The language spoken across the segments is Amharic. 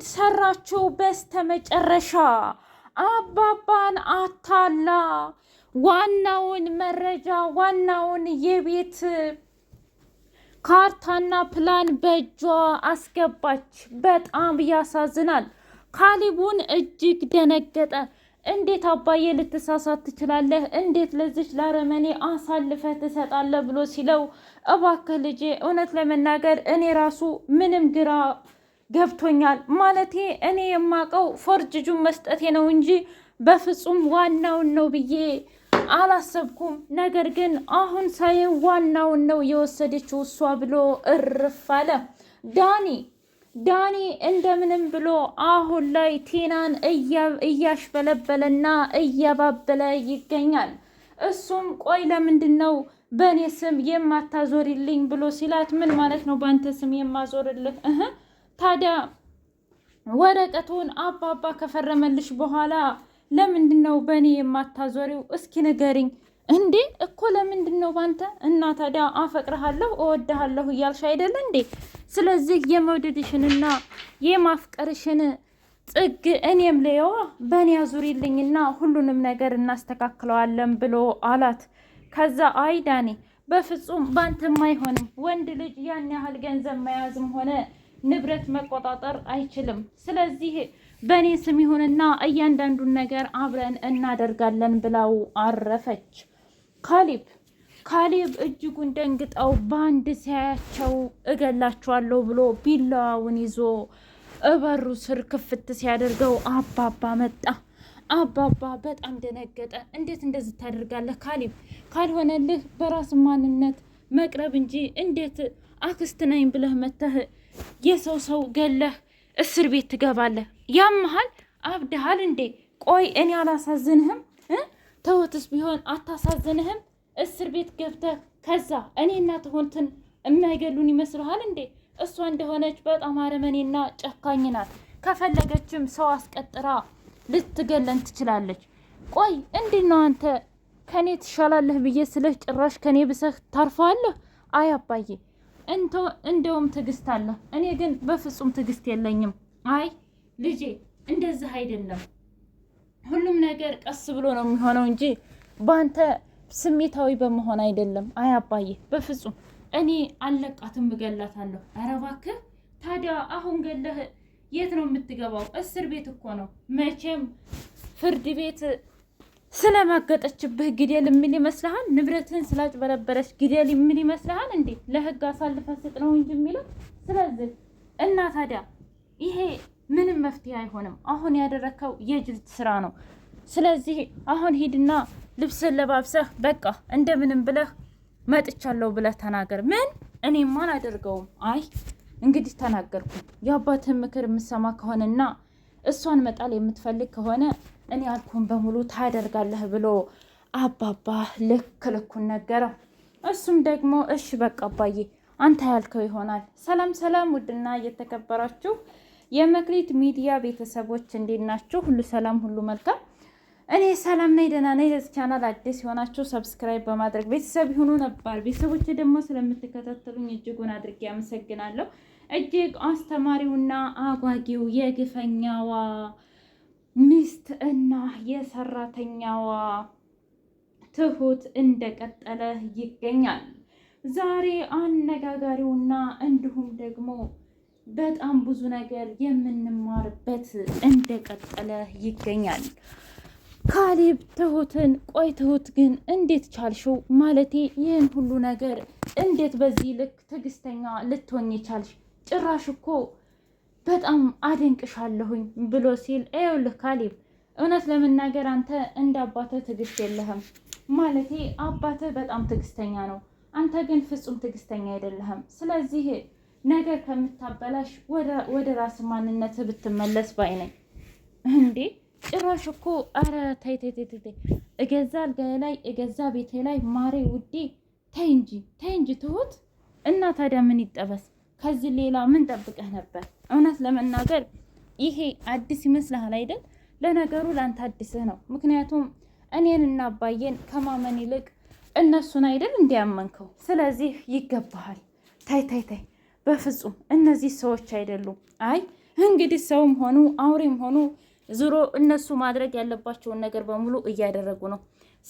ጉድ ሰራችው። በስተመጨረሻ አባባን አታላ ዋናውን መረጃ ዋናውን የቤት ካርታና ፕላን በእጇ አስገባች። በጣም ያሳዝናል። ካሊቡን እጅግ ደነገጠ። እንዴት አባዬ ልትሳሳት ትችላለህ? እንዴት ለዚች ላረመኔ አሳልፈ ትሰጣለህ? ብሎ ሲለው እባክህ ልጄ፣ እውነት ለመናገር እኔ ራሱ ምንም ግራ ገብቶኛል። ማለቴ እኔ የማውቀው ፎርጅጁን መስጠቴ ነው እንጂ በፍጹም ዋናውን ነው ብዬ አላሰብኩም። ነገር ግን አሁን ሳይን ዋናውን ነው የወሰደችው እሷ ብሎ እርፍ አለ ዳኒ። ዳኒ እንደምንም ብሎ አሁን ላይ ቴናን እያሽበለበለና እያባበለ ይገኛል። እሱም ቆይ ለምንድን ነው በእኔ ስም የማታዞሪልኝ ብሎ ሲላት ምን ማለት ነው በአንተ ስም የማዞርልህ ታዲያ ወረቀቱን አባባ ከፈረመልሽ በኋላ ለምንድን ነው በእኔ የማታዞሪው? እስኪ ንገሪኝ። እንዴ እኮ ለምንድን ነው ባንተ? እና ታዲያ አፈቅርሃለሁ፣ እወድሃለሁ እያልሽ አይደለ እንዴ? ስለዚህ የመውደድሽንና የማፍቀርሽን ጥግ እኔም ልየዋ፣ በእኔ አዙሪልኝና ሁሉንም ነገር እናስተካክለዋለን ብሎ አላት። ከዛ አይ ዳኔ፣ በፍጹም ባንተም አይሆንም። ወንድ ልጅ ያን ያህል ገንዘብ መያዝም ሆነ ንብረት መቆጣጠር አይችልም። ስለዚህ በእኔ ስም ይሁንና እያንዳንዱን ነገር አብረን እናደርጋለን ብላው አረፈች። ካሌብ ካሌብ እጅጉን ደንግጠው በአንድ ሲያያቸው እገላቸዋለሁ ብሎ ቢላዋውን ይዞ እበሩ ስር ክፍት ሲያደርገው አባባ መጣ። አባባ በጣም ደነገጠ። እንዴት እንደዚህ ታደርጋለህ ካሌብ? ካልሆነልህ በራስ ማንነት መቅረብ እንጂ እንዴት አክስት ነኝ ብለህ መተህ የሰው ሰው ገለህ እስር ቤት ትገባለህ። ያምሃል? አብድሃል እንዴ? ቆይ እኔ አላሳዝንህም? ተወትስ ቢሆን አታሳዝንህም? እስር ቤት ገብተህ ከዛ እኔና ትሆንትን የማይገሉን ይመስልሃል እንዴ? እሷ እንደሆነች በጣም አረመኔና ጨካኝ ናት። ከፈለገችም ሰው አስቀጥራ ልትገለን ትችላለች። ቆይ እንዴት ነው አንተ ከኔ ትሻላለህ ብዬ ስለህ ጭራሽ ከኔ ብሰህ ታርፈዋለህ? አይ አባዬ እንቶ እንደውም ትዕግስት አለ። እኔ ግን በፍጹም ትዕግስት የለኝም። አይ ልጄ እንደዚህ አይደለም። ሁሉም ነገር ቀስ ብሎ ነው የሚሆነው እንጂ በአንተ ስሜታዊ በመሆን አይደለም። አይ አባዬ በፍጹም እኔ አልለቃትም፣ እገላታለሁ። ኧረ እባክህ ታዲያ አሁን ገለህ የት ነው የምትገባው? እስር ቤት እኮ ነው መቼም ፍርድ ቤት ስለማገጠችብህ ግዴል የሚል ይመስልሃል? ንብረትህን ስላጭበረበረች ግዴል የሚል ይመስልሃል? እንዴ ለህግ አሳልፈ ስጥ ነው እንጂ የሚለው። ስለዚህ እና ታዲያ ይሄ ምንም መፍትሄ አይሆንም። አሁን ያደረከው የጅል ስራ ነው። ስለዚህ አሁን ሂድና ልብስን ለባብሰህ በቃ እንደምንም ብለህ መጥቻለሁ ብለህ ተናገር። ምን እኔማ አላደርገውም። አይ እንግዲህ ተናገርኩ። የአባትህን ምክር የምሰማ ከሆነና እሷን መጣል የምትፈልግ ከሆነ እኔ ያልኩን በሙሉ ታደርጋለህ ብሎ አባባ ልክ ልኩን ነገረው። እሱም ደግሞ እሺ በቃ አባዬ አንተ ያልከው ይሆናል። ሰላም ሰላም! ውድና እየተከበራችሁ የመክሊት ሚዲያ ቤተሰቦች እንዴት ናችሁ? ሁሉ ሰላም፣ ሁሉ መልካም። እኔ ሰላም ነኝ፣ ደህና ነኝ። ለዚህ ቻናል አዲስ የሆናችሁ ሰብስክራይብ በማድረግ ቤተሰብ ይሁኑ። ነባር ቤተሰቦች ደግሞ ስለምትከታተሉኝ እጅጉን አድርጌ አመሰግናለሁ። እጅግ አስተማሪውና አጓጊው የግፈኛዋ ሚስት እና የሰራተኛዋ ትሁት እንደቀጠለ ይገኛል። ዛሬ አነጋጋሪውና እንዲሁም ደግሞ በጣም ብዙ ነገር የምንማርበት እንደቀጠለ ይገኛል። ካሌብ ትሁትን ቆይ ትሁት ግን እንዴት ቻልሽው? ማለቴ ይህን ሁሉ ነገር እንዴት በዚህ ልክ ትዕግስተኛ ልትሆኝ ቻልሽ? ጭራሽ እኮ በጣም አደንቅሻለሁኝ ብሎ ሲል ይኸውልህ ካሌብ እውነት ለመናገር አንተ እንደ አባትህ ትዕግስት የለህም። ማለቴ አባትህ በጣም ትዕግስተኛ ነው፣ አንተ ግን ፍጹም ትዕግስተኛ አይደለህም። ስለዚህ ነገር ከምታበላሽ ወደ ራስ ማንነትህ ብትመለስ ባይ ነኝ። እንዴ ጭራሽ እኮ አረ ተይ ተይ ተይ፣ እገዛ አልጋዬ ላይ እገዛ ቤቴ ላይ ማሬ ውዴ፣ ተይ እንጂ ተይ እንጂ ትሁት እና ታዲያ ምን ይጠበስ? ከዚህ ሌላ ምን ጠብቀህ ነበር? እውነት ለመናገር ይሄ አዲስ ይመስልሃል አይደል? ለነገሩ ለአንተ አዲስህ ነው። ምክንያቱም እኔን እና ከማመን ይልቅ እነሱን አይደል እንዲያመንከው። ስለዚህ ይገባሃል። ታይ ታይ ታይ፣ በፍጹም እነዚህ ሰዎች አይደሉም። አይ እንግዲህ ሰውም ሆኑ አውሬም ሆኑ ዝሮ እነሱ ማድረግ ያለባቸውን ነገር በሙሉ እያደረጉ ነው።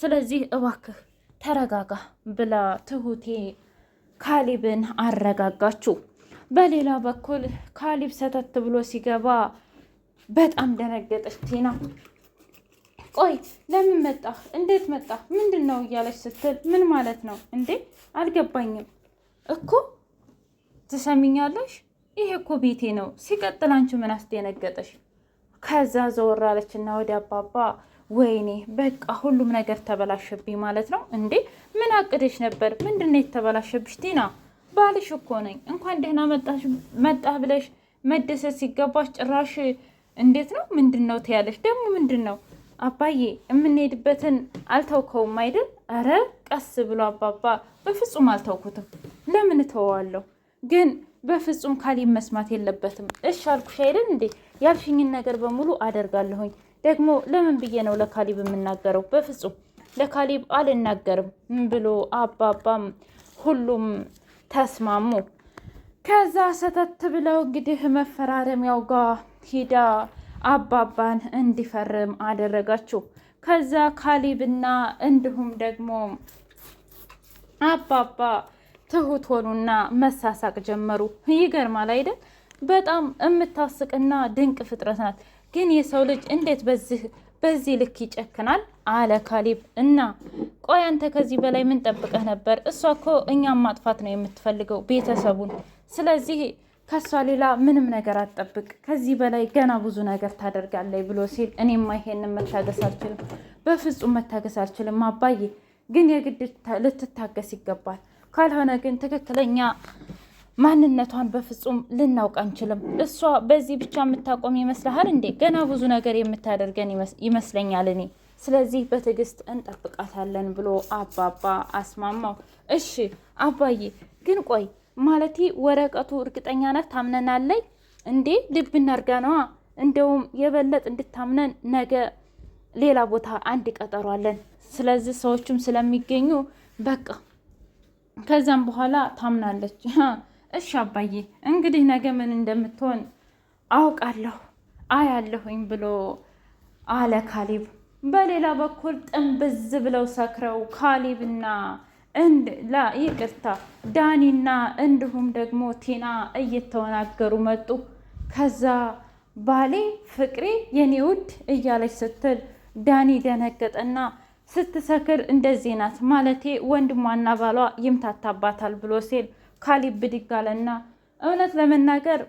ስለዚህ እባክህ ተረጋጋ ብላ ትሁቴ ካሊብን አረጋጋችሁ። በሌላ በኩል ካሊብ ሰተት ብሎ ሲገባ በጣም ደነገጠች ቲና። ቆይ ለምን መጣ? እንዴት መጣ? ምንድን ነው እያለች ስትል ምን ማለት ነው እንዴ? አልገባኝም እኮ ትሰሚኛለሽ? ይሄ እኮ ቤቴ ነው። ሲቀጥል አንቺ ምን አስደነገጠሽ? ከዛ ዘወር እና ወደ አባባ ወይኔ በቃ ሁሉም ነገር ተበላሸብኝ ማለት ነው እንዴ? ምን አቅደሽ ነበር? ምንድን ነው የተበላሸብሽ ቲና? ባልሽ እኮ ነኝ። እንኳን ደህና መጣ ብለሽ መደሰት ሲገባሽ ጭራሽ እንዴት ነው ምንድን ነው ትያለሽ? ደግሞ ምንድን ነው አባዬ የምንሄድበትን አልተውከውም አይደል? አረ ቀስ ብሎ አባባ። በፍጹም አልተውኩትም። ለምን እተወዋለሁ? ግን በፍጹም ካሌብ መስማት የለበትም። እሽ አልኩሽ አይደል እንዴ? ያልሽኝን ነገር በሙሉ አደርጋለሁኝ። ደግሞ ለምን ብዬ ነው ለካሌብ የምናገረው? በፍጹም ለካሌብ አልናገርም ብሎ አባባም ሁሉም ተስማሙ። ከዛ ሰተት ብለው እንግዲህ መፈራረሚያው ጋር ሂዳ አባባን እንዲፈርም አደረጋችሁ። ከዛ ካሊብና እንዲሁም ደግሞ አባባ ትሁት ሆኑና መሳሳቅ ጀመሩ። ይገርማል አይደል? በጣም የምታስቅና ድንቅ ፍጥረት ናት። ግን የሰው ልጅ እንዴት በዚህ በዚህ ልክ ይጨክናል አለ ካሌብ። እና ቆይ አንተ ከዚህ በላይ ምን ጠብቀህ ነበር? እሷ እኮ እኛም ማጥፋት ነው የምትፈልገው ቤተሰቡን። ስለዚህ ከእሷ ሌላ ምንም ነገር አትጠብቅ። ከዚህ በላይ ገና ብዙ ነገር ታደርጋለች ብሎ ሲል እኔማ ይሄንን መታገስ አልችልም፣ በፍጹም መታገስ አልችልም አባዬ። ግን የግድ ልትታገስ ይገባል። ካልሆነ ግን ትክክለኛ ማንነቷን በፍጹም ልናውቅ አንችልም። እሷ በዚህ ብቻ የምታቆም ይመስልሃል እንዴ? ገና ብዙ ነገር የምታደርገን ይመስለኛል እኔ። ስለዚህ በትዕግስት እንጠብቃታለን ብሎ አባባ አስማማው። እሺ አባዬ፣ ግን ቆይ ማለቴ ወረቀቱ እርግጠኛ ነህ? ታምነናለይ እንዴ? ልብ እናርጋ ነዋ። እንደውም የበለጥ እንድታምነን ነገ ሌላ ቦታ አንድ ቀጠሯለን። ስለዚህ ሰዎቹም ስለሚገኙ በቃ ከዛም በኋላ ታምናለች። እሺ አባዬ እንግዲህ ነገ ምን እንደምትሆን አውቃለሁ አያለሁኝ ብሎ አለ ካሌብ። በሌላ በኩል ጥንብዝ ብለው ሰክረው ካሌብና እንላ ይቅርታ ዳኒና እንዲሁም ደግሞ ቲና እየተወናገሩ መጡ። ከዛ ባሌ ፍቅሬ የኔ ውድ እያለች ስትል ዳኒ ደነገጠና ስትሰክር እንደዚህ ናት ማለቴ ወንድሟና ባሏ ይምታታባታል ብሎ ሲል ካሊብ ብድግ አለና እውነት ለመናገር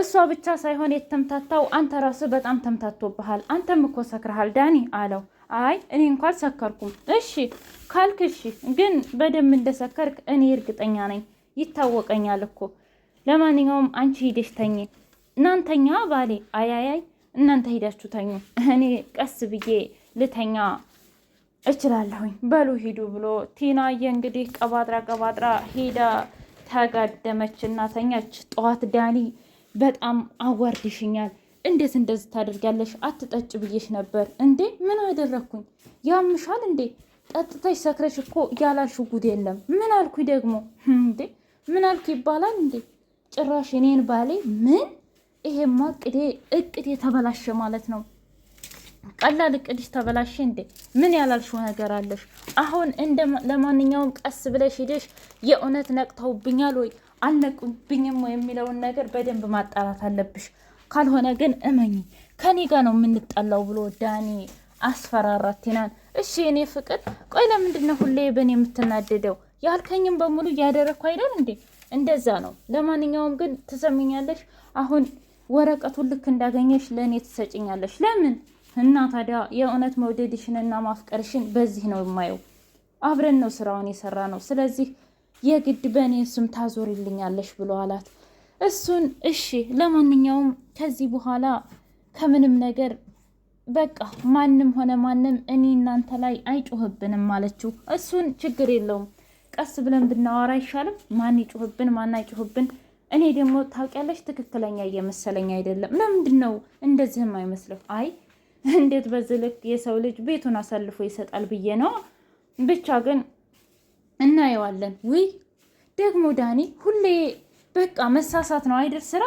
እሷ ብቻ ሳይሆን የተምታታው አንተ ራስ በጣም ተምታቶብሃል። አንተም እኮ ሰክረሃል ዳኒ አለው። አይ እኔ እንኳ አልሰከርኩም። እሺ ካልክ እሺ፣ ግን በደንብ እንደሰከርክ እኔ እርግጠኛ ነኝ፣ ይታወቀኛል እኮ። ለማንኛውም አንቺ ሂደሽ ተኝ፣ እናንተኛ ባሌ። አያያይ እናንተ ሂዳችሁ ተኙ፣ እኔ ቀስ ብዬ ልተኛ እችላለሁኝ። በሉ ሂዱ ብሎ ቲናዬ እንግዲህ ቀባጥራ ቀባጥራ ሂዳ ተጋደመች እና ተኛች። ጠዋት ዳኒ በጣም አዋርድሽኛል፣ እንዴት እንደዚህ ታደርጋለሽ? አትጠጭ ብዬሽ ነበር። እንዴ ምን አደረግኩኝ? ያምሻል እንዴ? ጠጥተሽ ሰክረሽ እኮ ያላልሽ ጉድ የለም። ምን አልኩኝ ደግሞ? እንዴ ምን አልኩ ይባላል እንዴ? ጭራሽ እኔን ባሌ ምን! ይሄማ እቅዴ እቅዴ ተበላሸ ማለት ነው። ቀላል እቅድሽ ተበላሽ እንዴ? ምን ያላልሽው ነገር አለሽ? አሁን እንደ ለማንኛውም ቀስ ብለሽ ሂደሽ የእውነት ነቅተውብኛል ወይ አልነቁብኝም ወይ የሚለውን ነገር በደንብ ማጣራት አለብሽ። ካልሆነ ግን እመኝ ከኔ ጋር ነው የምንጣላው ብሎ ዳኒ አስፈራራት ቲናን። እሺ የኔ ፍቅር፣ ቆይ ለምንድን ነው ሁሌ በእኔ የምትናደደው? ያልከኝም በሙሉ እያደረግኩ አይደል እንዴ? እንደዛ ነው። ለማንኛውም ግን ትሰምኛለሽ አሁን ወረቀቱን ልክ እንዳገኘሽ ለእኔ ትሰጭኛለሽ። ለምን እና ታዲያ የእውነት መውደድሽንና ማፍቀርሽን በዚህ ነው የማየው። አብረን ነው ስራውን የሰራ ነው። ስለዚህ የግድ በእኔ ስም ታዞሪልኛለሽ ብሎ አላት። እሱን እሺ፣ ለማንኛውም ከዚህ በኋላ ከምንም ነገር በቃ ማንም ሆነ ማንም እኔ እናንተ ላይ አይጮህብንም አለችው። እሱን ችግር የለውም ቀስ ብለን ብናወራ አይሻልም? ማን ይጮህብን ማን አይጮህብን? እኔ ደግሞ ታውቂያለሽ፣ ትክክለኛ እየመሰለኝ አይደለም። ለምንድን ነው እንደዚህም አይመስልም? አይ እንዴት በዚህ ልክ የሰው ልጅ ቤቱን አሳልፎ ይሰጣል ብዬ ነው። ብቻ ግን እናየዋለን። ውይ ደግሞ ዳኒ ሁሌ በቃ መሳሳት ነው አይደል ስራ